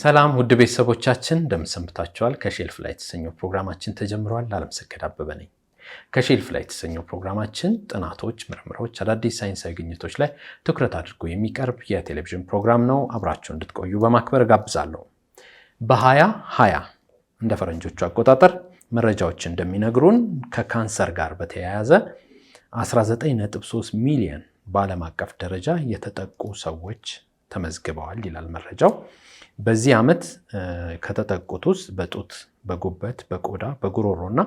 ሰላም ውድ ቤተሰቦቻችን እንደምንሰንብታችኋል። ከሼልፍ ላይ የተሰኘው ፕሮግራማችን ተጀምረዋል። አለምሰገድ አበበ ነኝ። ከሼልፍ ላይ የተሰኘው ፕሮግራማችን ጥናቶች፣ ምርምሮች፣ አዳዲስ ሳይንሳዊ ግኝቶች ላይ ትኩረት አድርጎ የሚቀርብ የቴሌቪዥን ፕሮግራም ነው። አብራችሁ እንድትቆዩ በማክበር ጋብዛለሁ። በሀያ ሀያ እንደ ፈረንጆቹ አቆጣጠር መረጃዎች እንደሚነግሩን ከካንሰር ጋር በተያያዘ 19.3 ሚሊዮን በዓለም አቀፍ ደረጃ የተጠቁ ሰዎች ተመዝግበዋል ይላል መረጃው። በዚህ ዓመት ከተጠቁት ውስጥ በጡት፣ በጉበት፣ በቆዳ፣ በጉሮሮ እና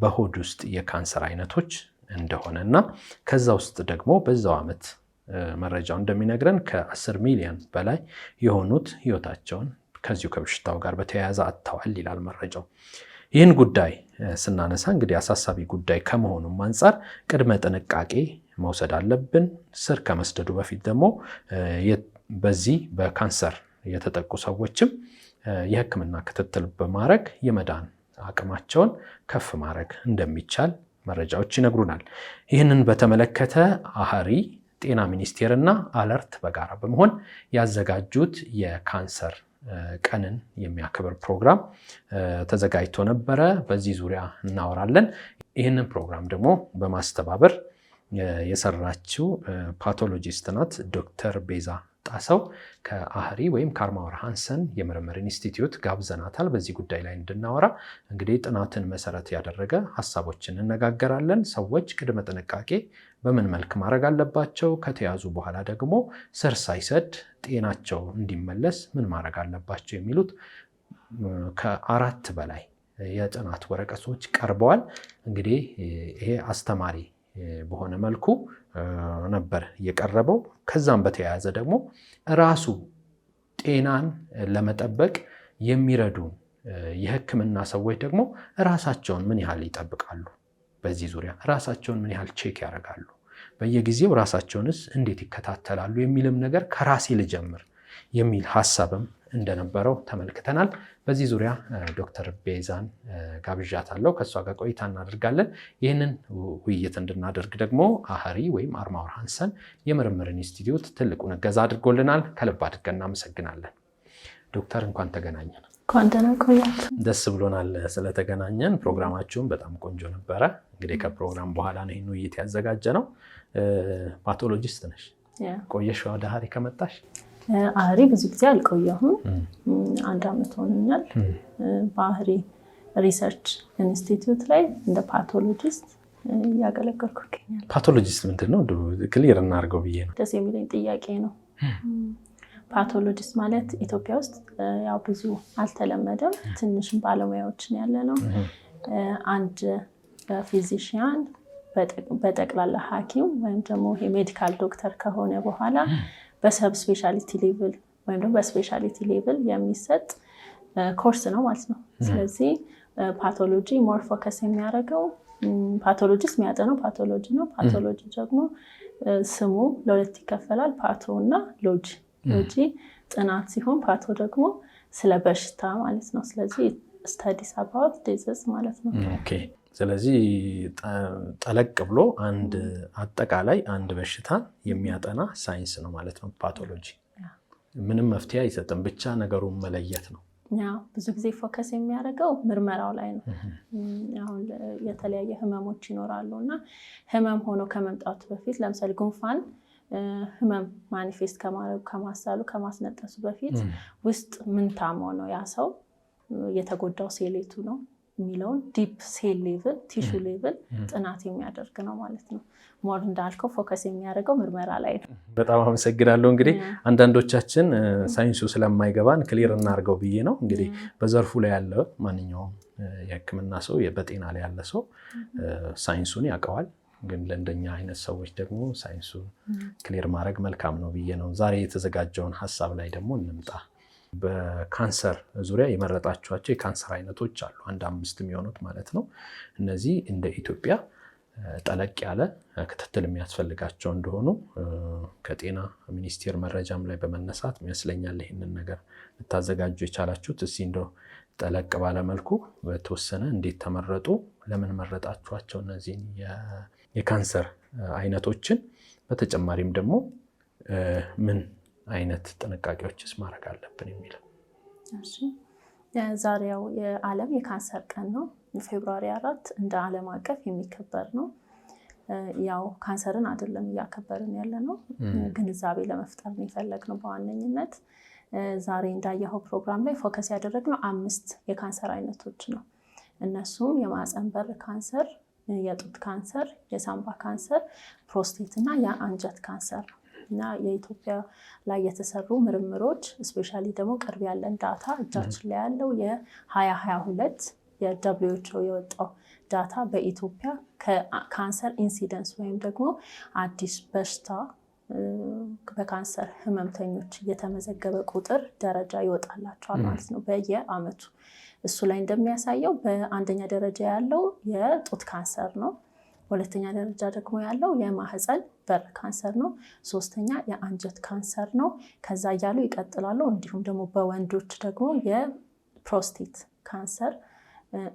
በሆድ ውስጥ የካንሰር አይነቶች እንደሆነ እና ከዛ ውስጥ ደግሞ በዛው ዓመት መረጃው እንደሚነግረን ከ10 ሚሊዮን በላይ የሆኑት ህይወታቸውን ከዚሁ ከበሽታው ጋር በተያያዘ አጥተዋል ይላል መረጃው። ይህን ጉዳይ ስናነሳ እንግዲህ አሳሳቢ ጉዳይ ከመሆኑም አንጻር ቅድመ ጥንቃቄ መውሰድ አለብን። ስር ከመስደዱ በፊት ደግሞ በዚህ በካንሰር የተጠቁ ሰዎችም የህክምና ክትትል በማድረግ የመዳን አቅማቸውን ከፍ ማድረግ እንደሚቻል መረጃዎች ይነግሩናል። ይህንን በተመለከተ አህሪ ጤና ሚኒስቴር እና አለርት በጋራ በመሆን ያዘጋጁት የካንሰር ቀንን የሚያከብር ፕሮግራም ተዘጋጅቶ ነበረ። በዚህ ዙሪያ እናወራለን። ይህንን ፕሮግራም ደግሞ በማስተባበር የሰራችው ፓቶሎጂስት ናት ዶክተር ቤዛ ሰው ከአህሪ ወይም ከአርማወር ሃንሰን የምርምር ኢንስቲትዩት ጋብዘናታል። በዚህ ጉዳይ ላይ እንድናወራ እንግዲህ ጥናትን መሰረት ያደረገ ሀሳቦችን እነጋገራለን። ሰዎች ቅድመ ጥንቃቄ በምን መልክ ማድረግ አለባቸው? ከተያዙ በኋላ ደግሞ ስር ሳይሰድ ጤናቸው እንዲመለስ ምን ማድረግ አለባቸው? የሚሉት ከአራት በላይ የጥናት ወረቀቶች ቀርበዋል። እንግዲህ ይሄ አስተማሪ በሆነ መልኩ ነበር የቀረበው። ከዛም በተያያዘ ደግሞ ራሱ ጤናን ለመጠበቅ የሚረዱ የሕክምና ሰዎች ደግሞ ራሳቸውን ምን ያህል ይጠብቃሉ? በዚህ ዙሪያ ራሳቸውን ምን ያህል ቼክ ያደርጋሉ? በየጊዜው ራሳቸውንስ እንዴት ይከታተላሉ? የሚልም ነገር ከራሴ ልጀምር የሚል ሀሳብም እንደነበረው ተመልክተናል። በዚህ ዙሪያ ዶክተር ቤዛን ጋብዣታለሁ። ከእሷ ጋር ቆይታ እናደርጋለን። ይህንን ውይይት እንድናደርግ ደግሞ አህሪ ወይም አርማወር ሀንሰን የምርምር ኢንስቲትዩት ትልቁን እገዛ አድርጎልናል። ከልብ አድርገን እናመሰግናለን። ዶክተር እንኳን ተገናኘን። ደስ ብሎናል ስለተገናኘን። ፕሮግራማችሁን በጣም ቆንጆ ነበረ። እንግዲህ ከፕሮግራም በኋላ ነው ይህን ውይይት ያዘጋጀ ነው። ፓቶሎጂስት ነሽ፣ ቆየሽ ወደ አህሪ ከመጣሽ አህሪ ብዙ ጊዜ አልቆየሁም፣ አንድ አመት ሆኖኛል። በአህሪ ሪሰርች ኢንስቲትዩት ላይ እንደ ፓቶሎጂስት እያገለገልኩ ይገኛል። ፓቶሎጂስት ምንድን ነው? ክሊር እናድርገው ብዬ ነው፣ ደስ የሚለኝ ጥያቄ ነው። ፓቶሎጂስት ማለት ኢትዮጵያ ውስጥ ያው ብዙ አልተለመደም፣ ትንሽም ባለሙያዎችን ያለ ነው። አንድ ፊዚሽያን በጠቅላላ ሐኪም ወይም ደግሞ የሜዲካል ዶክተር ከሆነ በኋላ በሰብ ስፔሻሊቲ ሌቭል ወይም ደግሞ በስፔሻሊቲ ሌቭል የሚሰጥ ኮርስ ነው ማለት ነው። ስለዚህ ፓቶሎጂ ሞር ፎከስ የሚያደርገው ፓቶሎጂስ የሚያጠነው ፓቶሎጂ ነው። ፓቶሎጂ ደግሞ ስሙ ለሁለት ይከፈላል፣ ፓቶ እና ሎጂ። ሎጂ ጥናት ሲሆን ፓቶ ደግሞ ስለ በሽታ ማለት ነው። ስለዚህ ስተዲስ አባውት ዲዚዝ ማለት ነው። ስለዚህ ጠለቅ ብሎ አንድ አጠቃላይ አንድ በሽታ የሚያጠና ሳይንስ ነው ማለት ነው። ፓቶሎጂ ምንም መፍትሄ አይሰጥም፣ ብቻ ነገሩን መለየት ነው። ብዙ ጊዜ ፎከስ የሚያደርገው ምርመራው ላይ ነው። አሁን የተለያየ ህመሞች ይኖራሉ እና ህመም ሆኖ ከመምጣቱ በፊት ለምሳሌ ጉንፋን ህመም ማኒፌስት ከማድረጉ ከማሳሉ ከማስነጠሱ በፊት ውስጥ ምን ታሞ ነው ያ ሰው የተጎዳው ሴሌቱ ነው የሚለውን ዲፕ ሴል ሌቭል ቲሹ ሌቭል ጥናት የሚያደርግ ነው ማለት ነው። ሞር እንዳልከው ፎከስ የሚያደርገው ምርመራ ላይ ነው። በጣም አመሰግናለሁ። እንግዲህ አንዳንዶቻችን ሳይንሱ ስለማይገባን ክሊር እናድርገው ብዬ ነው። እንግዲህ በዘርፉ ላይ ያለ ማንኛውም የሕክምና ሰው በጤና ላይ ያለ ሰው ሳይንሱን ያውቀዋል። ግን ለእንደኛ አይነት ሰዎች ደግሞ ሳይንሱ ክሊር ማድረግ መልካም ነው ብዬ ነው። ዛሬ የተዘጋጀውን ሀሳብ ላይ ደግሞ እንምጣ። በካንሰር ዙሪያ የመረጣቸዋቸው የካንሰር አይነቶች አሉ። አንድ አምስት የሚሆኑት ማለት ነው። እነዚህ እንደ ኢትዮጵያ ጠለቅ ያለ ክትትል የሚያስፈልጋቸው እንደሆኑ ከጤና ሚኒስቴር መረጃም ላይ በመነሳት ይመስለኛል ይህንን ነገር ልታዘጋጁ የቻላችሁት። እስኪ እንደው ጠለቅ ባለመልኩ በተወሰነ እንዴት ተመረጡ፣ ለምን መረጣችኋቸው እነዚህን የካንሰር አይነቶችን፣ በተጨማሪም ደግሞ ምን አይነት ጥንቃቄዎችስ ማድረግ አለብን የሚል ዛሬው የዓለም የካንሰር ቀን ነው። ፌብሩዋሪ አራት እንደ ዓለም አቀፍ የሚከበር ነው። ያው ካንሰርን አይደለም እያከበርን ያለ ነው፣ ግንዛቤ ለመፍጠር ነው የፈለግነው በዋነኝነት። ዛሬ እንዳየኸው ፕሮግራም ላይ ፎከስ ያደረግነው አምስት የካንሰር አይነቶች ነው። እነሱም የማህፀን በር ካንሰር፣ የጡት ካንሰር፣ የሳምባ ካንሰር፣ ፕሮስቴት እና የአንጀት ካንሰር ነው። እና የኢትዮጵያ ላይ የተሰሩ ምርምሮች እስፔሻሊ ደግሞ ቅርብ ያለን ዳታ እጃችን ላይ ያለው የ2022 የደብሊው የወጣው ዳታ በኢትዮጵያ ከካንሰር ኢንሲደንስ ወይም ደግሞ አዲስ በሽታ በካንሰር ህመምተኞች እየተመዘገበ ቁጥር ደረጃ ይወጣላቸዋል ማለት ነው በየአመቱ። እሱ ላይ እንደሚያሳየው በአንደኛ ደረጃ ያለው የጡት ካንሰር ነው። ሁለተኛ ደረጃ ደግሞ ያለው የማህፀን በር ካንሰር ነው። ሶስተኛ የአንጀት ካንሰር ነው። ከዛ እያሉ ይቀጥላሉ። እንዲሁም ደግሞ በወንዶች ደግሞ የፕሮስቴት ካንሰር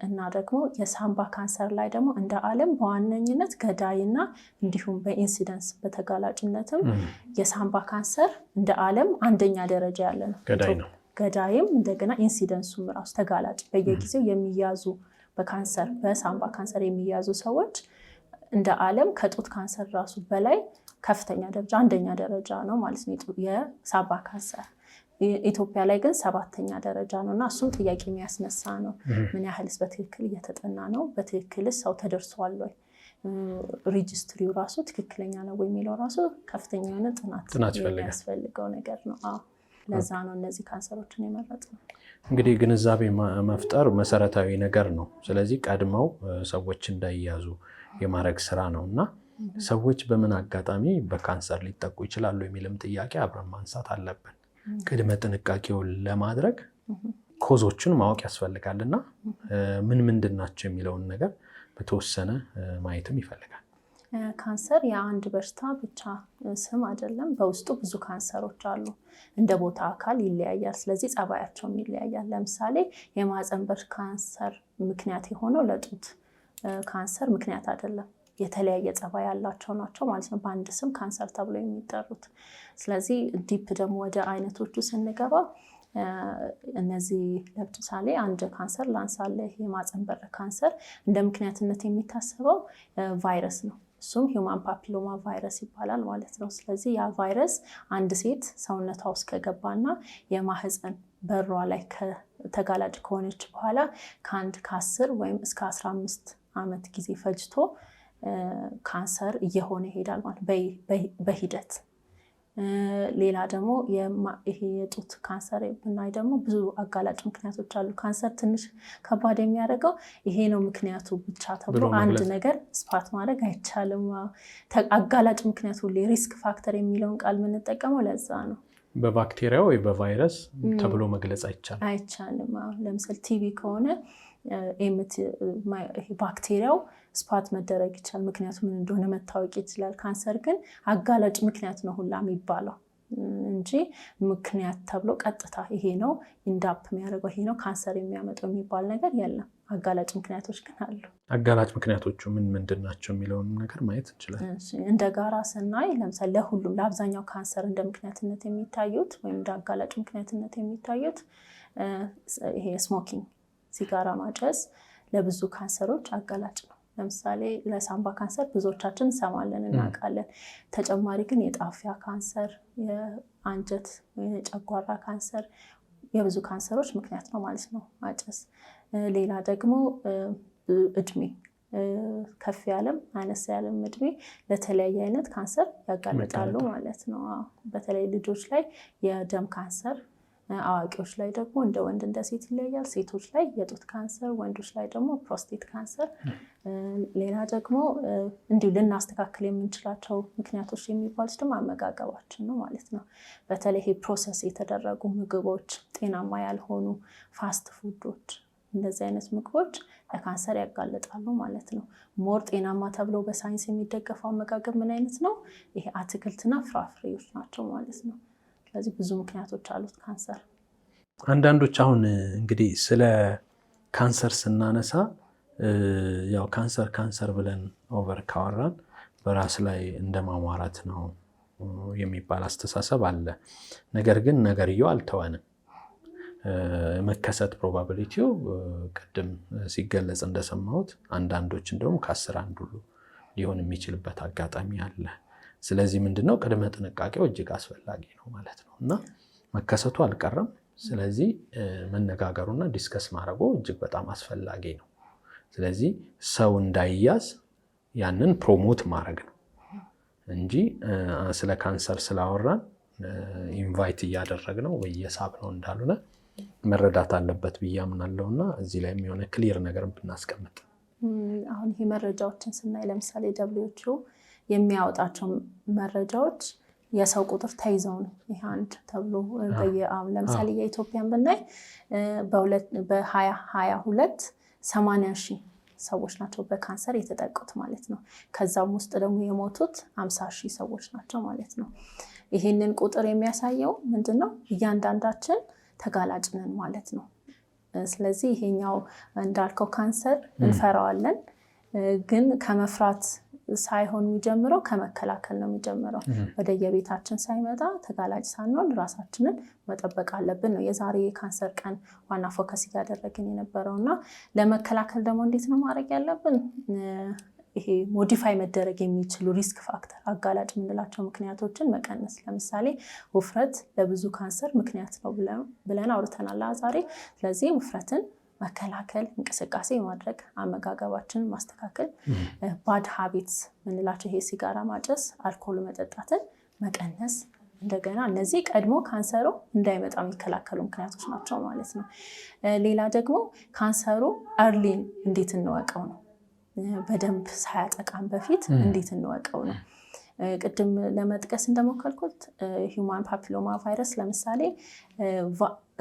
እና ደግሞ የሳምባ ካንሰር ላይ ደግሞ እንደ ዓለም በዋነኝነት ገዳይና እንዲሁም በኢንሲደንስ በተጋላጭነትም የሳምባ ካንሰር እንደ ዓለም አንደኛ ደረጃ ያለ ነው። ገዳይ ነው። ገዳይም እንደገና ኢንሲደንሱም ራሱ ተጋላጭ በየጊዜው የሚያዙ በካንሰር በሳምባ ካንሰር የሚያዙ ሰዎች እንደ ዓለም ከጡት ካንሰር ራሱ በላይ ከፍተኛ ደረጃ አንደኛ ደረጃ ነው ማለት ነው የሳባ ካንሰር። ኢትዮጵያ ላይ ግን ሰባተኛ ደረጃ ነው እና እሱም ጥያቄ የሚያስነሳ ነው። ምን ያህልስ በትክክል እየተጠና ነው? በትክክልስ ሰው ተደርሷል ወይ? ሬጅስትሪው ራሱ ትክክለኛ ነው የሚለው ራሱ ከፍተኛ የሆነ ጥናት የሚያስፈልገው ነገር ነው። ለዛ ነው እነዚህ ካንሰሮችን ነው። እንግዲህ ግንዛቤ መፍጠር መሰረታዊ ነገር ነው። ስለዚህ ቀድመው ሰዎች እንዳይያዙ የማድረግ ስራ ነው እና ሰዎች በምን አጋጣሚ በካንሰር ሊጠቁ ይችላሉ የሚልም ጥያቄ አብረን ማንሳት አለብን። ቅድመ ጥንቃቄውን ለማድረግ ኮዞቹን ማወቅ ያስፈልጋል እና ምን ምንድን ናቸው የሚለውን ነገር በተወሰነ ማየትም ይፈልጋል። ካንሰር የአንድ በሽታ ብቻ ስም አይደለም። በውስጡ ብዙ ካንሰሮች አሉ። እንደ ቦታ አካል ይለያያል። ስለዚህ ጸባያቸውም ይለያያል። ለምሳሌ የማህፀን በር ካንሰር ምክንያት የሆነው ለጡት ካንሰር ምክንያት አይደለም። የተለያየ ጸባይ ያላቸው ናቸው ማለት ነው፣ በአንድ ስም ካንሰር ተብሎ የሚጠሩት። ስለዚህ ዲፕ ደግሞ ወደ አይነቶቹ ስንገባ እነዚህ ለምሳሌ አንድ ካንሰር ላንሳለ የማህጸን በር ካንሰር እንደ ምክንያትነት የሚታሰበው ቫይረስ ነው። እሱም ሂውማን ፓፒሎማ ቫይረስ ይባላል ማለት ነው። ስለዚህ ያ ቫይረስ አንድ ሴት ሰውነቷ ውስጥ ከገባና የማህፀን በሯ ላይ ተጋላጭ ከሆነች በኋላ ከአንድ ከአስር ወይም እስከ አስራ አምስት ዓመት ጊዜ ፈጅቶ ካንሰር እየሆነ ይሄዳል ማለት በሂደት ሌላ ደግሞ ይሄ የጡት ካንሰር ብናይ ደግሞ ብዙ አጋላጭ ምክንያቶች አሉ። ካንሰር ትንሽ ከባድ የሚያደርገው ይሄ ነው ምክንያቱ ብቻ ተብሎ አንድ ነገር ስፓት ማድረግ አይቻልም። አጋላጭ ምክንያቱ ሪስክ ፋክተር የሚለውን ቃል የምንጠቀመው ለዛ ነው። በባክቴሪያ ወይ በቫይረስ ተብሎ መግለጽ አይቻልም አይቻልም። ለምሳሌ ቲቪ ከሆነ ባክቴሪያው ስፓት መደረግ ይቻላል፣ ምክንያቱ ምን እንደሆነ መታወቅ ይችላል። ካንሰር ግን አጋላጭ ምክንያት ነው ሁላ የሚባለው እንጂ ምክንያት ተብሎ ቀጥታ ይሄ ነው ኢንዳፕ የሚያደርገው ይሄ ነው ካንሰር የሚያመጣው የሚባል ነገር የለም። አጋላጭ ምክንያቶች ግን አሉ። አጋላጭ ምክንያቶቹ ምን ምንድን ናቸው የሚለውን ነገር ማየት እንችላለን። እንደ ጋራ ስናይ ለምሳሌ ለሁሉም ለአብዛኛው ካንሰር እንደ ምክንያትነት የሚታዩት ወይም እንደ አጋላጭ ምክንያትነት የሚታዩት ይሄ ስሞኪንግ፣ ሲጋራ ማጨስ ለብዙ ካንሰሮች አጋላጭ ነው። ለምሳሌ ለሳምባ ካንሰር ብዙዎቻችን እንሰማለን እናውቃለን። ተጨማሪ ግን የጣፊያ ካንሰር፣ የአንጀት የጨጓራ ካንሰር የብዙ ካንሰሮች ምክንያት ነው ማለት ነው ማጨስ። ሌላ ደግሞ እድሜ ከፍ ያለም አነስ ያለም እድሜ ለተለያየ አይነት ካንሰር ያጋልጣሉ ማለት ነው። በተለይ ልጆች ላይ የደም ካንሰር፣ አዋቂዎች ላይ ደግሞ እንደ ወንድ እንደ ሴት ይለያል። ሴቶች ላይ የጡት ካንሰር፣ ወንዶች ላይ ደግሞ ፕሮስቴት ካንሰር። ሌላ ደግሞ እንዲሁ ልናስተካክል የምንችላቸው ምክንያቶች የሚባሉት ደግሞ አመጋገባችን ነው ማለት ነው። በተለይ ፕሮሰስ የተደረጉ ምግቦች፣ ጤናማ ያልሆኑ ፋስት ፉዶች እንደዚህ አይነት ምግቦች ለካንሰር ያጋልጣሉ ማለት ነው። ሞር ጤናማ ተብሎ በሳይንስ የሚደገፈው አመጋገብ ምን አይነት ነው? ይሄ አትክልትና ፍራፍሬዎች ናቸው ማለት ነው። ስለዚህ ብዙ ምክንያቶች አሉት ካንሰር። አንዳንዶች አሁን እንግዲህ ስለ ካንሰር ስናነሳ ያው ካንሰር ካንሰር ብለን ኦቨር ካወራን በራስ ላይ እንደማሟራት ነው የሚባል አስተሳሰብ አለ። ነገር ግን ነገርየው አልተወንም። መከሰት ፕሮባቢሊቲው ቅድም ሲገለጽ እንደሰማሁት አንዳንዶች እንደውም ከአስር አንዱ ሊሆን የሚችልበት አጋጣሚ አለ። ስለዚህ ምንድነው ቅድመ ጥንቃቄው እጅግ አስፈላጊ ነው ማለት ነው እና መከሰቱ አልቀረም። ስለዚህ መነጋገሩና ዲስከስ ማድረጉ እጅግ በጣም አስፈላጊ ነው። ስለዚህ ሰው እንዳይያዝ ያንን ፕሮሞት ማድረግ ነው እንጂ ስለ ካንሰር ስላወራን ኢንቫይት እያደረግ ነው ወየሳብ ነው እንዳልሆነ መረዳት አለበት ብዬ አምናለሁ እና እዚህ ላይ የሆነ ክሊር ነገር ብናስቀምጥ አሁን ይሄ መረጃዎችን ስናይ ለምሳሌ ደብሊውኤችኦ የሚያወጣቸው መረጃዎች የሰው ቁጥር ተይዘው ነው። ይህ አንድ ተብሎ ለምሳሌ የኢትዮጵያን ብናይ በሀያ ሀያ ሁለት ሰማንያ ሺህ ሰዎች ናቸው በካንሰር የተጠቁት ማለት ነው። ከዛም ውስጥ ደግሞ የሞቱት አምሳ ሺህ ሰዎች ናቸው ማለት ነው። ይህንን ቁጥር የሚያሳየው ምንድን ነው? እያንዳንዳችን ተጋላጭ ነን ማለት ነው። ስለዚህ ይሄኛው እንዳልከው ካንሰር እንፈራዋለን፣ ግን ከመፍራት ሳይሆን የሚጀምረው ከመከላከል ነው የሚጀምረው። ወደየቤታችን ሳይመጣ ተጋላጭ ሳንሆን ራሳችንን መጠበቅ አለብን ነው የዛሬ የካንሰር ቀን ዋና ፎከስ እያደረግን የነበረው እና ለመከላከል ደግሞ እንዴት ነው ማድረግ ያለብን? ይሄ ሞዲፋይ መደረግ የሚችሉ ሪስክ ፋክተር አጋላጭ የምንላቸው ምክንያቶችን መቀነስ። ለምሳሌ ውፍረት ለብዙ ካንሰር ምክንያት ነው ብለን አውርተናል ዛሬ። ስለዚህ ውፍረትን መከላከል፣ እንቅስቃሴ ማድረግ፣ አመጋገባችንን ማስተካከል፣ ባድ ሀቢትስ የምንላቸው ይሄ ሲጋራ ማጨስ፣ አልኮል መጠጣትን መቀነስ እንደገና እነዚህ ቀድሞ ካንሰሩ እንዳይመጣ የሚከላከሉ ምክንያቶች ናቸው ማለት ነው። ሌላ ደግሞ ካንሰሩ አርሊን እንዴት እንወቀው ነው በደንብ ሳያጠቃም በፊት እንዴት እንወቀው ነው። ቅድም ለመጥቀስ እንደሞከልኩት ሂውማን ፓፒሎማ ቫይረስ ለምሳሌ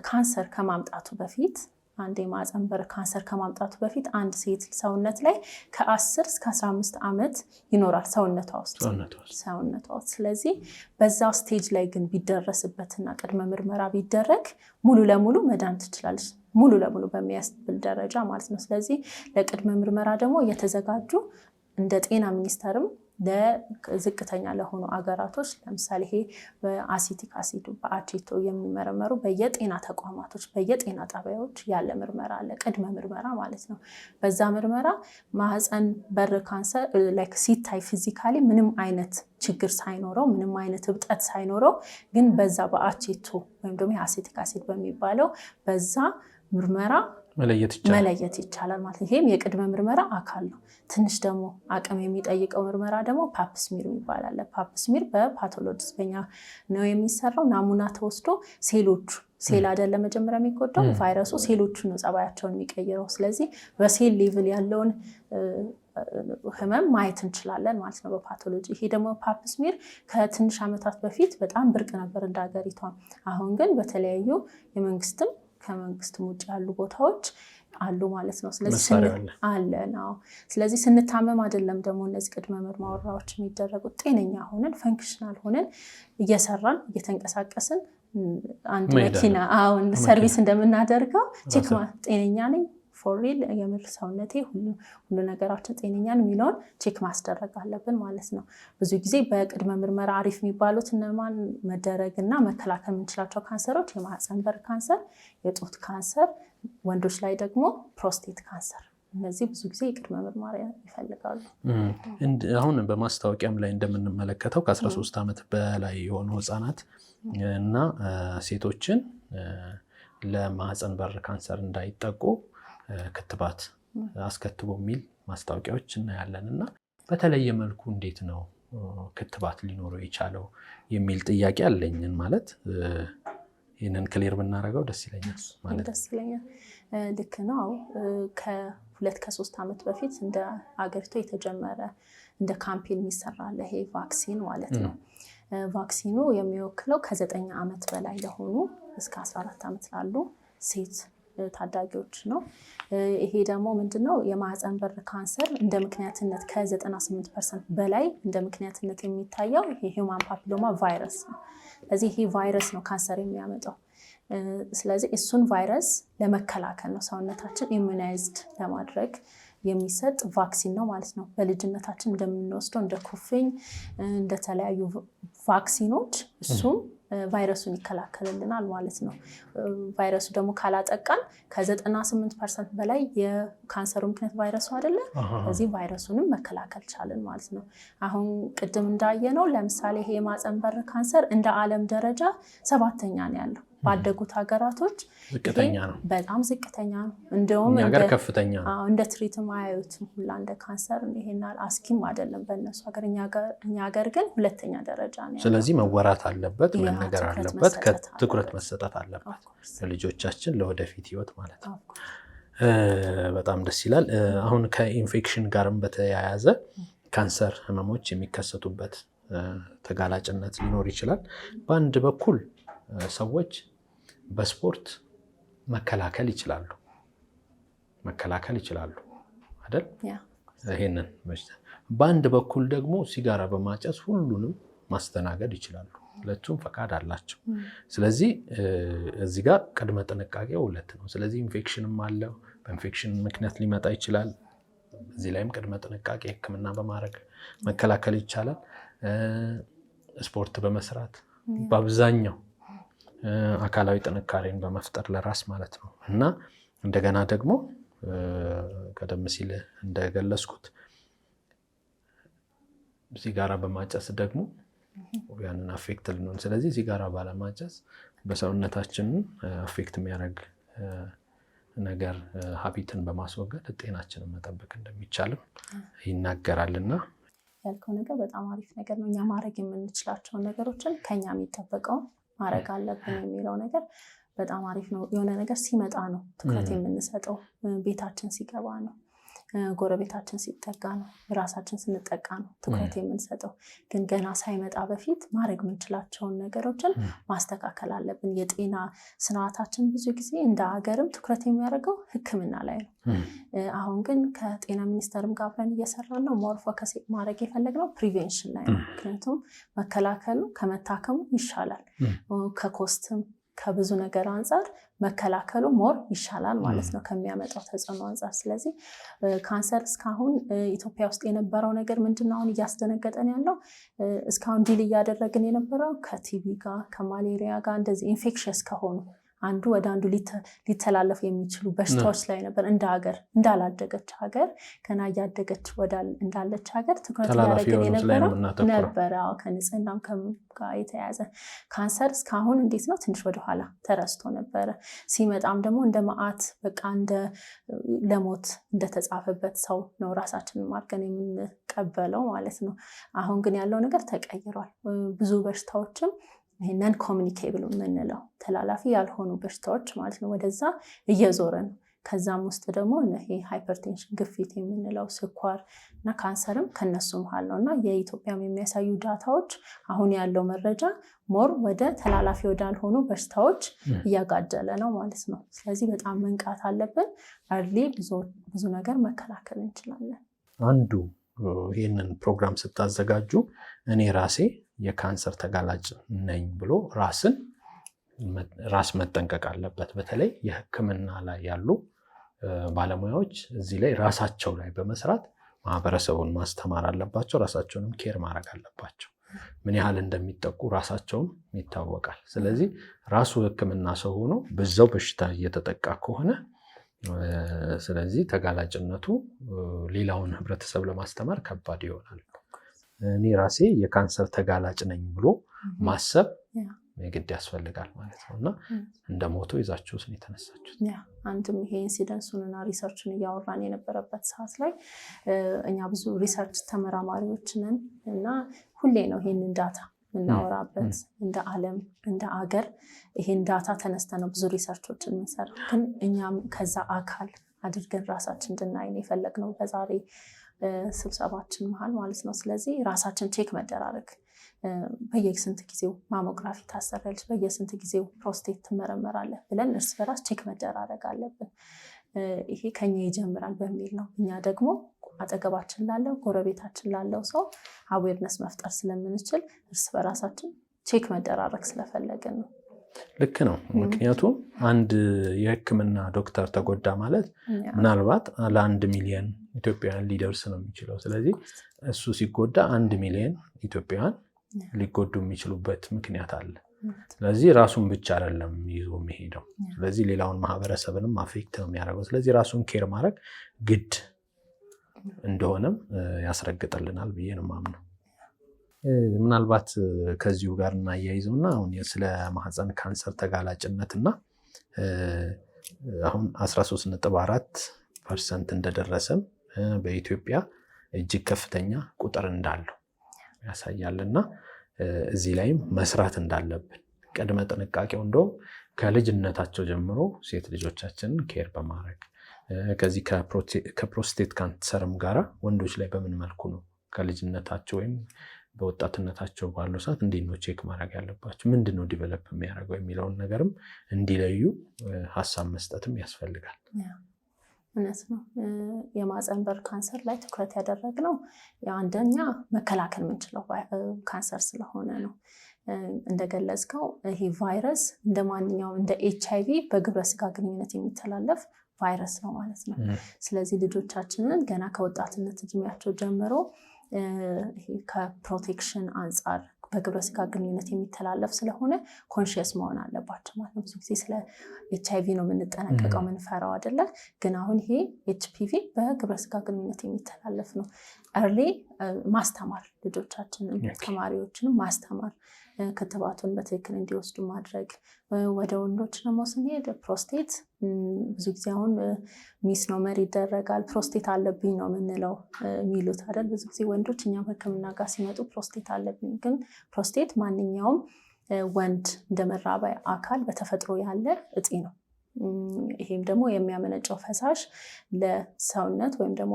ካንሰር ከማምጣቱ በፊት አንድ የማህፀን በር ካንሰር ከማምጣቱ በፊት አንድ ሴት ሰውነት ላይ ከ10 እስከ 15 ዓመት ይኖራል ሰውነቷ ውስጥ ሰውነቷ ውስጥ። ስለዚህ በዛ ስቴጅ ላይ ግን ቢደረስበትና ቅድመ ምርመራ ቢደረግ ሙሉ ለሙሉ መዳን ትችላለች። ሙሉ ለሙሉ በሚያስብል ደረጃ ማለት ነው። ስለዚህ ለቅድመ ምርመራ ደግሞ የተዘጋጁ እንደ ጤና ሚኒስቴርም ለዝቅተኛ ለሆኑ አገራቶች ለምሳሌ ይሄ በአሲቲክ አሲዱ በአቺቶ የሚመረመሩ በየጤና ተቋማቶች በየጤና ጣቢያዎች ያለ ምርመራ አለ፣ ቅድመ ምርመራ ማለት ነው። በዛ ምርመራ ማህፀን በር ካንሰር ሲታይ ፊዚካሊ ምንም አይነት ችግር ሳይኖረው ምንም አይነት እብጠት ሳይኖረው ግን በዛ በአቺቶ ወይም ደግሞ የአሲቲክ አሲድ በሚባለው በዛ ምርመራ መለየት ይቻላል ማለት ይሄም የቅድመ ምርመራ አካል ነው። ትንሽ ደግሞ አቅም የሚጠይቀው ምርመራ ደግሞ ፓፕስሚር ይባላል። ፓፕስሚር በፓቶሎጂስ በኛ ነው የሚሰራው። ናሙና ተወስዶ ሴሎቹ ሴል አይደል መጀመሪያ የሚጎዳው ቫይረሱ ሴሎቹ ነው ጸባያቸውን የሚቀይረው። ስለዚህ በሴል ሌቭል ያለውን ህመም ማየት እንችላለን ማለት ነው በፓቶሎጂ። ይሄ ደግሞ ፓፕስሚር ከትንሽ ዓመታት በፊት በጣም ብርቅ ነበር እንደ ሀገሪቷ። አሁን ግን በተለያዩ የመንግስትም ከመንግስትም ውጭ ያሉ ቦታዎች አሉ ማለት ነው። አለ ነው። ስለዚህ ስንታመም አይደለም ደግሞ እነዚህ ቅድመ ምርመራዎች የሚደረጉት ጤነኛ ሆነን ፈንክሽናል ሆነን እየሰራን እየተንቀሳቀስን አንድ መኪና አሁን ሰርቪስ እንደምናደርገው ቼክ ጤነኛ ነኝ ፎሪል የምር ሰውነቴ ሁሉ ነገራችን ጤነኛን የሚለውን ቼክ ማስደረግ አለብን ማለት ነው። ብዙ ጊዜ በቅድመ ምርመራ አሪፍ የሚባሉት እነማን መደረግ እና መከላከል የምንችላቸው ካንሰሮች የማህፀን በር ካንሰር፣ የጡት ካንሰር፣ ወንዶች ላይ ደግሞ ፕሮስቴት ካንሰር እነዚህ ብዙ ጊዜ የቅድመ ምርመራ ይፈልጋሉ። አሁን በማስታወቂያም ላይ እንደምንመለከተው ከ13 ዓመት በላይ የሆኑ ህፃናት እና ሴቶችን ለማህፀን በር ካንሰር እንዳይጠቁ ክትባት አስከትቦ የሚል ማስታወቂያዎች እናያለን እና በተለየ መልኩ እንዴት ነው ክትባት ሊኖረው የቻለው የሚል ጥያቄ አለኝን ማለት ይህንን ክሌር ብናደርገው ደስ ይለኛል ደስ ይለኛል። ልክ ነው። ከሁለት ከሶስት ዓመት በፊት እንደ አገሪቱ የተጀመረ እንደ ካምፔን የሚሰራ አለ ይሄ ቫክሲን ማለት ነው። ቫክሲኑ የሚወክለው ከዘጠኝ ዓመት በላይ ለሆኑ እስከ 14 ዓመት ላሉ ሴት ታዳጊዎች ነው። ይሄ ደግሞ ምንድነው የማህፀን በር ካንሰር እንደ ምክንያትነት ከ98 ፐርሰንት በላይ እንደ ምክንያትነት የሚታየው የሂውማን ፓፒሎማ ቫይረስ ነው። ስለዚህ ይሄ ቫይረስ ነው ካንሰር የሚያመጣው። ስለዚህ እሱን ቫይረስ ለመከላከል ነው ሰውነታችን ኢሚዩናይዝድ ለማድረግ የሚሰጥ ቫክሲን ነው ማለት ነው። በልጅነታችን እንደምንወስደው እንደ ኩፍኝ እንደተለያዩ ቫክሲኖች እሱም ቫይረሱን ይከላከልልናል ማለት ነው። ቫይረሱ ደግሞ ካላጠቃን ከዘጠና ስምንት ፐርሰንት በላይ የካንሰሩ ምክንያት ቫይረሱ አይደለ? እዚህ ቫይረሱንም መከላከል ቻልን ማለት ነው። አሁን ቅድም እንዳየነው ለምሳሌ ይሄ የማህፀን በር ካንሰር እንደ ዓለም ደረጃ ሰባተኛ ነው ያለው ባደጉት ሀገራቶች በጣም ዝቅተኛ ነው። እንዲሁም ከፍተኛ ነው። እንደ ትሪትም አያዩትም ሁላ እንደ ካንሰር ይሄናል አስኪም አይደለም በእነሱ ሀገር። እኛ ሀገር ግን ሁለተኛ ደረጃ ነው። ስለዚህ መወራት አለበት፣ መነገር አለበት፣ ትኩረት መሰጠት አለበት ለልጆቻችን ለወደፊት ህይወት ማለት ነው። በጣም ደስ ይላል። አሁን ከኢንፌክሽን ጋርም በተያያዘ ካንሰር ህመሞች የሚከሰቱበት ተጋላጭነት ሊኖር ይችላል። በአንድ በኩል ሰዎች በስፖርት መከላከል ይችላሉ መከላከል ይችላሉ አይደል? ይሄንን በአንድ በኩል ደግሞ ሲጋራ በማጨስ ሁሉንም ማስተናገድ ይችላሉ። ሁለቱም ፈቃድ አላቸው። ስለዚህ እዚህ ጋር ቅድመ ጥንቃቄ ሁለት ነው። ስለዚህ ኢንፌክሽንም አለው። በኢንፌክሽን ምክንያት ሊመጣ ይችላል። እዚህ ላይም ቅድመ ጥንቃቄ ህክምና በማድረግ መከላከል ይቻላል። ስፖርት በመስራት በአብዛኛው አካላዊ ጥንካሬን በመፍጠር ለራስ ማለት ነው እና እንደገና ደግሞ ቀደም ሲል እንደገለጽኩት ሲጋራ በማጨስ ደግሞ ያንን አፌክት ልንሆን፣ ስለዚህ ሲጋራ ባለማጨስ በሰውነታችን አፌክት የሚያደርግ ነገር ሀቢትን በማስወገድ ጤናችንን መጠበቅ እንደሚቻልም ይናገራል እና ያልከው ነገር በጣም አሪፍ ነገር ነው። እኛ ማድረግ የምንችላቸውን ነገሮችን ከኛ የሚጠበቀውን ማድረግ አለብን የሚለው ነገር በጣም አሪፍ ነው። የሆነ ነገር ሲመጣ ነው ትኩረት የምንሰጠው፣ ቤታችን ሲገባ ነው ጎረቤታችን ሲጠቃ ነው፣ ራሳችን ስንጠቃ ነው ትኩረት የምንሰጠው። ግን ገና ሳይመጣ በፊት ማድረግ የምንችላቸውን ነገሮችን ማስተካከል አለብን። የጤና ስርዓታችን ብዙ ጊዜ እንደ ሀገርም ትኩረት የሚያደርገው ሕክምና ላይ ነው። አሁን ግን ከጤና ሚኒስቴርም ጋር አብረን እየሰራን ነው። ሞር ፎከስ ማድረግ የፈለግነው ፕሪቬንሽን ላይ ነው። ምክንያቱም መከላከሉ ከመታከሙ ይሻላል ከኮስትም ከብዙ ነገር አንጻር መከላከሉ ሞር ይሻላል ማለት ነው ከሚያመጣው ተጽዕኖ አንጻር። ስለዚህ ካንሰር እስካሁን ኢትዮጵያ ውስጥ የነበረው ነገር ምንድን ነው አሁን እያስደነገጠን ያለው እስካሁን ዲል እያደረግን የነበረው ከቲቪ ጋር ከማሌሪያ ጋር እንደዚህ ኢንፌክሽስ ከሆኑ አንዱ ወደ አንዱ ሊተላለፉ የሚችሉ በሽታዎች ላይ ነበር እንደ ሀገር እንዳላደገች ሀገር ገና እያደገች እንዳለች ሀገር ትኩረት ያደረግን የነበረው ነበረ። ከንጽህናም ጋር የተያያዘ ካንሰር እስካሁን እንዴት ነው ትንሽ ወደኋላ ተረስቶ ነበረ። ሲመጣም ደግሞ እንደ መዓት በቃ እንደ ለሞት እንደተጻፈበት ሰው ነው ራሳችንን ማርገን የምንቀበለው ማለት ነው። አሁን ግን ያለው ነገር ተቀይሯል። ብዙ በሽታዎችም ይህንን ኮሚኒኬብል የምንለው ተላላፊ ያልሆኑ በሽታዎች ማለት ነው። ወደዛ እየዞረ ነው። ከዛም ውስጥ ደግሞ ይሄ ሃይፐርቴንሽን ግፊት የምንለው ስኳር እና ካንሰርም ከነሱ መሀል ነው እና የኢትዮጵያም የሚያሳዩ ዳታዎች አሁን ያለው መረጃ ሞር ወደ ተላላፊ ወዳልሆኑ በሽታዎች እያጋደለ ነው ማለት ነው። ስለዚህ በጣም መንቃት አለብን። አርሊ ብዙ ነገር መከላከል እንችላለን። አንዱ ይህንን ፕሮግራም ስታዘጋጁ እኔ ራሴ የካንሰር ተጋላጭ ነኝ ብሎ ራስን ራስ መጠንቀቅ አለበት። በተለይ የሕክምና ላይ ያሉ ባለሙያዎች እዚህ ላይ ራሳቸው ላይ በመስራት ማህበረሰቡን ማስተማር አለባቸው። ራሳቸውንም ኬር ማድረግ አለባቸው። ምን ያህል እንደሚጠቁ ራሳቸውም ይታወቃል። ስለዚህ ራሱ ሕክምና ሰው ሆኖ በዛው በሽታ እየተጠቃ ከሆነ ስለዚህ ተጋላጭነቱ ሌላውን ህብረተሰብ ለማስተማር ከባድ ይሆናል። እኔ ራሴ የካንሰር ተጋላጭ ነኝ ብሎ ማሰብ የግድ ያስፈልጋል ማለት ነው። እና እንደ ሞቶ ይዛችሁት ነው የተነሳችሁት። አንድም ይሄ ኢንሲደንሱንና ሪሰርችን እያወራን የነበረበት ሰዓት ላይ እኛ ብዙ ሪሰርች ተመራማሪዎች ነን እና ሁሌ ነው ይሄንን ዳታ የምናወራበት እንደ ዓለም እንደ አገር ይሄን ዳታ ተነስተ ነው ብዙ ሪሰርቾችን የምንሰራ። ግን እኛም ከዛ አካል አድርገን ራሳችን እንድናይ የፈለግነው በዛሬ ስብሰባችን መሀል ማለት ነው። ስለዚህ ራሳችን ቼክ መደራረግ በየስንት ጊዜው ማሞግራፊ ታሰራለች፣ በየስንት ጊዜው ፕሮስቴት ትመረመራለህ ብለን እርስ በራስ ቼክ መደራረግ አለብን። ይሄ ከኛ ይጀምራል በሚል ነው እኛ ደግሞ አጠገባችን ላለው ጎረቤታችን ላለው ሰው አዌርነስ መፍጠር ስለምንችል እርስ በራሳችን ቼክ መደራረግ ስለፈለግን ነው። ልክ ነው። ምክንያቱም አንድ የሕክምና ዶክተር ተጎዳ ማለት ምናልባት ለአንድ ሚሊየን ኢትዮጵያውያን ሊደርስ ነው የሚችለው። ስለዚህ እሱ ሲጎዳ አንድ ሚሊዮን ኢትዮጵያውያን ሊጎዱ የሚችሉበት ምክንያት አለ። ስለዚህ ራሱን ብቻ አይደለም ይዞ የሚሄደው። ስለዚህ ሌላውን ማህበረሰብንም አፌክት ነው የሚያደርገው። ስለዚህ ራሱን ኬር ማድረግ ግድ እንደሆነም ያስረግጥልናል ብዬ ነው የማምነው። ምናልባት ከዚሁ ጋር እናያይዘው እና አሁን ስለ ማህፀን ካንሰር ተጋላጭነት እና አሁን 134 ፐርሰንት እንደደረሰም በኢትዮጵያ እጅግ ከፍተኛ ቁጥር እንዳለው ያሳያልና እዚህ ላይም መስራት እንዳለብን ቅድመ ጥንቃቄው እንደውም ከልጅነታቸው ጀምሮ ሴት ልጆቻችንን ኬር በማድረግ ከዚህ ከፕሮስቴት ካንሰርም ጋራ ወንዶች ላይ በምን መልኩ ነው ከልጅነታቸው ወይም በወጣትነታቸው ባለው ሰዓት እንዴት ነው ቼክ ማድረግ ያለባቸው፣ ምንድን ነው ዲቨሎፕ የሚያደርገው የሚለውን ነገርም እንዲለዩ ሀሳብ መስጠትም ያስፈልጋል። እውነት ነው። የማህፀን በር ካንሰር ላይ ትኩረት ያደረግነው አንደኛ መከላከል የምንችለው ካንሰር ስለሆነ ነው። እንደገለጽከው ይሄ ቫይረስ እንደ ማንኛውም እንደ ኤች ቪ በግብረ ስጋ ግንኙነት የሚተላለፍ ቫይረስ ነው ማለት ነው። ስለዚህ ልጆቻችንን ገና ከወጣትነት እድሜያቸው ጀምሮ ከፕሮቴክሽን አንጻር በግብረ ስጋ ግንኙነት የሚተላለፍ ስለሆነ ኮንሽየስ መሆን አለባቸው ማለት ነው። ብዙ ጊዜ ስለ ኤች አይቪ ነው የምንጠነቀቀው የምንፈራው አይደለ? ግን አሁን ይሄ ኤች በግብረ ስጋ ግንኙነት የሚተላለፍ ነው። እርሌ ማስተማር ልጆቻችንን ተማሪዎችንም ማስተማር ክትባቱን በትክክል እንዲወስዱ ማድረግ። ወደ ወንዶች ደግሞ ስንሄድ ፕሮስቴት ብዙ ጊዜ አሁን ሚስ ነው መር ይደረጋል። ፕሮስቴት አለብኝ ነው የምንለው የሚሉት አይደል? ብዙ ጊዜ ወንዶች እኛም ሕክምና ጋር ሲመጡ ፕሮስቴት አለብኝ። ግን ፕሮስቴት ማንኛውም ወንድ እንደ መራባይ አካል በተፈጥሮ ያለ እጢ ነው። ይሄም ደግሞ የሚያመነጨው ፈሳሽ ለሰውነት ወይም ደግሞ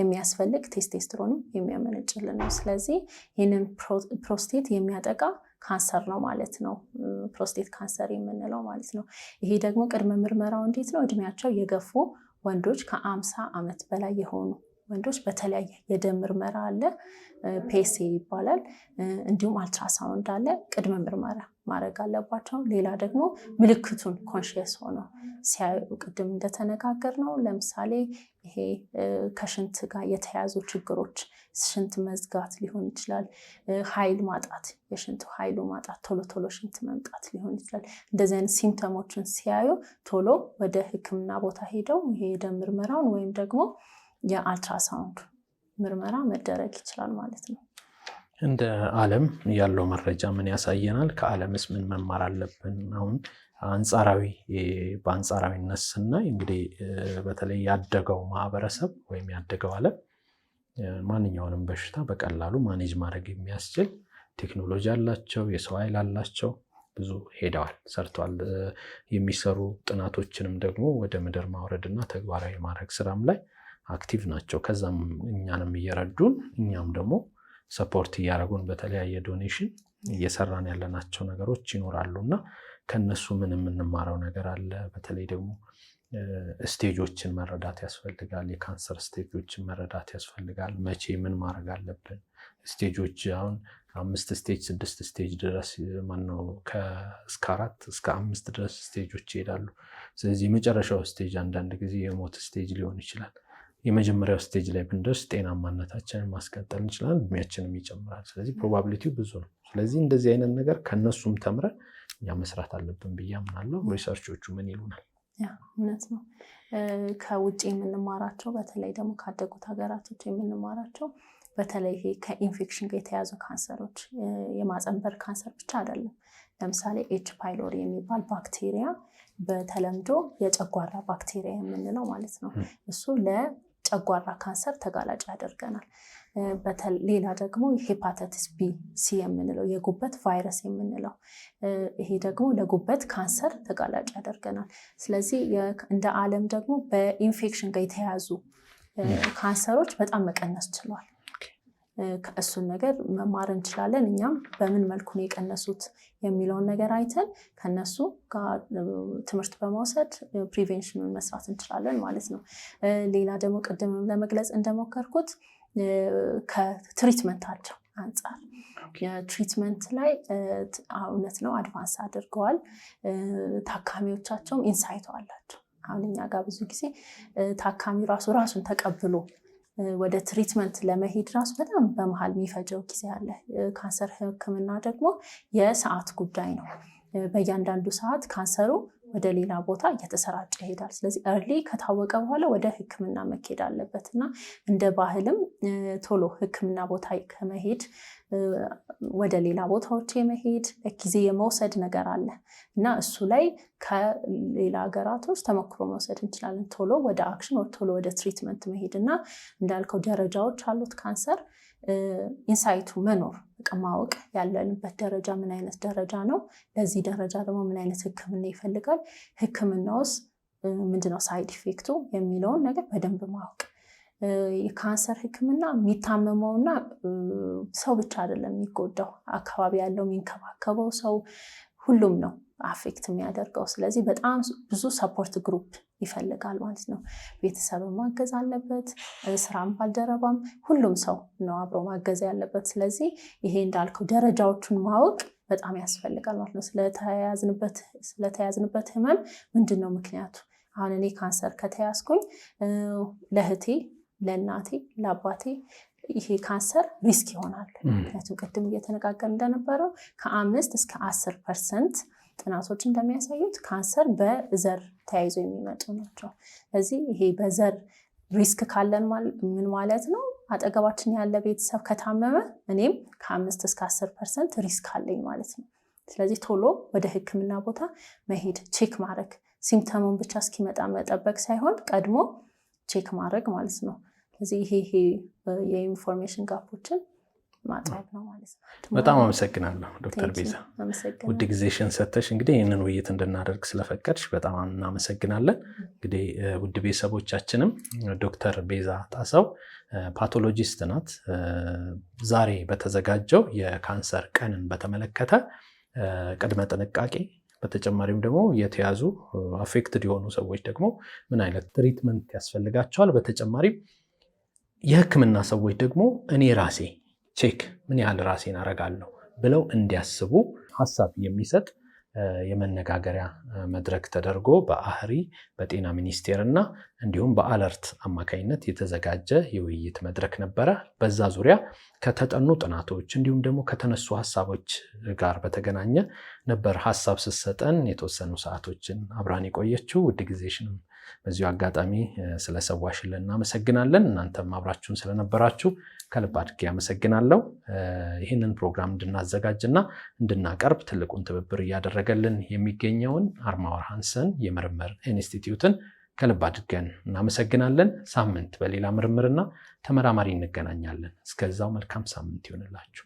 የሚያስፈልግ ቴስቴስትሮንም የሚያመነጭልን ነው። ስለዚህ ይህንን ፕሮስቴት የሚያጠቃ ካንሰር ነው ማለት ነው። ፕሮስቴት ካንሰር የምንለው ማለት ነው። ይሄ ደግሞ ቅድመ ምርመራው እንዴት ነው? እድሜያቸው የገፉ ወንዶች ከአምሳ ዓመት በላይ የሆኑ ወንዶች በተለያየ የደም ምርመራ አለ፣ ፔሴ ይባላል። እንዲሁም አልትራሳውንድ አለ። ቅድመ ምርመራ ማድረግ አለባቸው። ሌላ ደግሞ ምልክቱን ኮንሽየስ ሆኖ ሲያዩ ቅድም እንደተነጋገር ነው። ለምሳሌ ይሄ ከሽንት ጋር የተያያዙ ችግሮች ሽንት መዝጋት ሊሆን ይችላል። ኃይል ማጣት፣ የሽንት ኃይሉ ማጣት፣ ቶሎ ቶሎ ሽንት መምጣት ሊሆን ይችላል። እንደዚህ አይነት ሲምፕተሞችን ሲያዩ ቶሎ ወደ ሕክምና ቦታ ሄደው ይሄ የደም ምርመራውን ወይም ደግሞ የአልትራሳውንድ ምርመራ መደረግ ይችላል ማለት ነው። እንደ ዓለም ያለው መረጃ ምን ያሳየናል? ከዓለምስ ምን መማር አለብን? አሁን አንጻራዊ በአንጻራዊነት ስናይ እንግዲህ በተለይ ያደገው ማህበረሰብ ወይም ያደገው ዓለም ማንኛውንም በሽታ በቀላሉ ማኔጅ ማድረግ የሚያስችል ቴክኖሎጂ አላቸው፣ የሰው ኃይል አላቸው። ብዙ ሄደዋል፣ ሰርተዋል። የሚሰሩ ጥናቶችንም ደግሞ ወደ ምድር ማውረድ እና ተግባራዊ ማድረግ ስራም ላይ አክቲቭ ናቸው። ከዛም እኛንም እየረዱን እኛም ደግሞ ሰፖርት እያደረጉን በተለያየ ዶኔሽን እየሰራን ያለናቸው ነገሮች ይኖራሉ እና ከነሱ ምን የምንማረው ነገር አለ? በተለይ ደግሞ ስቴጆችን መረዳት ያስፈልጋል። የካንሰር ስቴጆችን መረዳት ያስፈልጋል። መቼ ምን ማድረግ አለብን? ስቴጆች አሁን አምስት ስቴጅ ስድስት ስቴጅ ድረስ ማነው እስከ አራት እስከ አምስት ድረስ ስቴጆች ይሄዳሉ። ስለዚህ የመጨረሻው ስቴጅ አንዳንድ ጊዜ የሞት ስቴጅ ሊሆን ይችላል። የመጀመሪያው ስቴጅ ላይ ብንደርስ ጤናማነታችንን ማስቀጠል እንችላለን፣ እድሜያችንም ይጨምራል። ስለዚህ ፕሮባብሊቲው ብዙ ነው። ስለዚህ እንደዚህ አይነት ነገር ከነሱም ተምረ እኛ መስራት አለብን ብዬ አምናለሁ። ሪሰርቾቹ ምን ይሉናል? እውነት ነው። ከውጭ የምንማራቸው በተለይ ደግሞ ካደጉት ሀገራቶች የምንማራቸው በተለይ ይሄ ከኢንፌክሽን ጋር የተያዙ ካንሰሮች የማፀንበር በር ካንሰር ብቻ አይደለም። ለምሳሌ ኤች ፓይሎሪ የሚባል ባክቴሪያ በተለምዶ የጨጓራ ባክቴሪያ የምንለው ማለት ነው። እሱ ጨጓራ ካንሰር ተጋላጭ ያደርገናል። ሌላ ደግሞ ሄፓታይትስ ቢ ሲ የምንለው የጉበት ቫይረስ የምንለው ይሄ ደግሞ ለጉበት ካንሰር ተጋላጭ ያደርገናል። ስለዚህ እንደ ዓለም ደግሞ በኢንፌክሽን ጋር የተያያዙ ካንሰሮች በጣም መቀነስ ችሏል። ከእሱን ነገር መማር እንችላለን። እኛም በምን መልኩ ነው የቀነሱት የሚለውን ነገር አይተን ከነሱ ጋር ትምህርት በመውሰድ ፕሪቬንሽኑን መስራት እንችላለን ማለት ነው። ሌላ ደግሞ ቅድምም ለመግለጽ እንደሞከርኩት ከትሪትመንታቸው አንጻር የትሪትመንት ላይ እውነት ነው አድቫንስ አድርገዋል። ታካሚዎቻቸውም ኢንሳይቶ አላቸው። አሁን እኛ ጋር ብዙ ጊዜ ታካሚ ራሱ ራሱን ተቀብሎ ወደ ትሪትመንት ለመሄድ ራሱ በጣም በመሀል የሚፈጀው ጊዜ አለ። ካንሰር ህክምና ደግሞ የሰዓት ጉዳይ ነው። በእያንዳንዱ ሰዓት ካንሰሩ ወደ ሌላ ቦታ እየተሰራጨ ይሄዳል። ስለዚህ እርሊ ከታወቀ በኋላ ወደ ህክምና መሄድ አለበት እና እንደ ባህልም ቶሎ ህክምና ቦታ ከመሄድ ወደ ሌላ ቦታዎች የመሄድ ጊዜ የመውሰድ ነገር አለ እና እሱ ላይ ከሌላ ሀገራቶች ተሞክሮ መውሰድ እንችላለን። ቶሎ ወደ አክሽን ቶሎ ወደ ትሪትመንት መሄድ እና እንዳልከው ደረጃዎች አሉት ካንሰር ኢንሳይቱ መኖር ማወቅ ያለንበት ደረጃ ምን አይነት ደረጃ ነው፣ ለዚህ ደረጃ ደግሞ ምን አይነት ህክምና ይፈልጋል፣ ህክምናውስ ምንድነው ሳይድ ኢፌክቱ የሚለውን ነገር በደንብ ማወቅ የካንሰር ህክምና የሚታመመውና ሰው ብቻ አይደለም የሚጎዳው፣ አካባቢ ያለው የሚንከባከበው ሰው ሁሉም ነው አፌክት የሚያደርገው። ስለዚህ በጣም ብዙ ሰፖርት ግሩፕ ይፈልጋል ማለት ነው። ቤተሰብን ማገዝ አለበት፣ ስራም ባልደረባም፣ ሁሉም ሰው ነው አብሮ ማገዝ ያለበት። ስለዚህ ይሄ እንዳልከው ደረጃዎቹን ማወቅ በጣም ያስፈልጋል ማለት ነው። ስለተያዝንበት ህመም ምንድን ነው ምክንያቱ? አሁን እኔ ካንሰር ከተያዝኩኝ ለእህቴ ለእናቴ ለአባቴ ይሄ ካንሰር ሪስክ ይሆናል። ምክንያቱም ቅድም እየተነጋገር እንደነበረው ከአምስት እስከ አስር ፐርሰንት ጥናቶች እንደሚያሳዩት ካንሰር በዘር ተያይዞ የሚመጡ ናቸው። ስለዚህ ይሄ በዘር ሪስክ ካለን ምን ማለት ነው? አጠገባችን ያለ ቤተሰብ ከታመመ እኔም ከአምስት እስከ አስር ፐርሰንት ሪስክ አለኝ ማለት ነው። ስለዚህ ቶሎ ወደ ሕክምና ቦታ መሄድ ቼክ ማድረግ ሲምፕተሙን ብቻ እስኪመጣ መጠበቅ ሳይሆን ቀድሞ ቼክ ማድረግ ማለት ነው። ስለዚህ ይሄ ይሄ የኢንፎርሜሽን ጋፖችን ማጥራት ነው ማለት ነው። በጣም አመሰግናለሁ ዶክተር ቤዛ ውድ ጊዜሽን ሰተሽ እንግዲህ ይህንን ውይይት እንድናደርግ ስለፈቀድሽ በጣም እናመሰግናለን። እንግዲህ ውድ ቤተሰቦቻችንም ዶክተር ቤዛ ጣሰው ፓቶሎጂስት ናት። ዛሬ በተዘጋጀው የካንሰር ቀንን በተመለከተ ቅድመ ጥንቃቄ በተጨማሪም ደግሞ የተያዙ አፌክትድ የሆኑ ሰዎች ደግሞ ምን አይነት ትሪትመንት ያስፈልጋቸዋል። በተጨማሪም የህክምና ሰዎች ደግሞ እኔ ራሴ ቼክ ምን ያህል ራሴን አረጋለሁ ብለው እንዲያስቡ ሀሳብ የሚሰጥ የመነጋገሪያ መድረክ ተደርጎ በአህሪ በጤና ሚኒስቴር እና እንዲሁም በአለርት አማካኝነት የተዘጋጀ የውይይት መድረክ ነበረ። በዛ ዙሪያ ከተጠኑ ጥናቶች እንዲሁም ደግሞ ከተነሱ ሀሳቦች ጋር በተገናኘ ነበር ሀሳብ ስትሰጠን የተወሰኑ ሰዓቶችን አብራን የቆየችው። ውድ ጊዜሽንም በዚሁ አጋጣሚ ስለሰዋሽልን እናመሰግናለን። እናንተም አብራችሁን ስለነበራችሁ ከልብ አድርጌ ያመሰግናለሁ። ይህንን ፕሮግራም እንድናዘጋጅና እንድናቀርብ ትልቁን ትብብር እያደረገልን የሚገኘውን አርማወር ሃንሰን የምርምር ኢንስቲትዩትን ከልብ አድገን እናመሰግናለን። ሳምንት በሌላ ምርምርና ተመራማሪ እንገናኛለን። እስከዛው መልካም ሳምንት ይሆንላችሁ።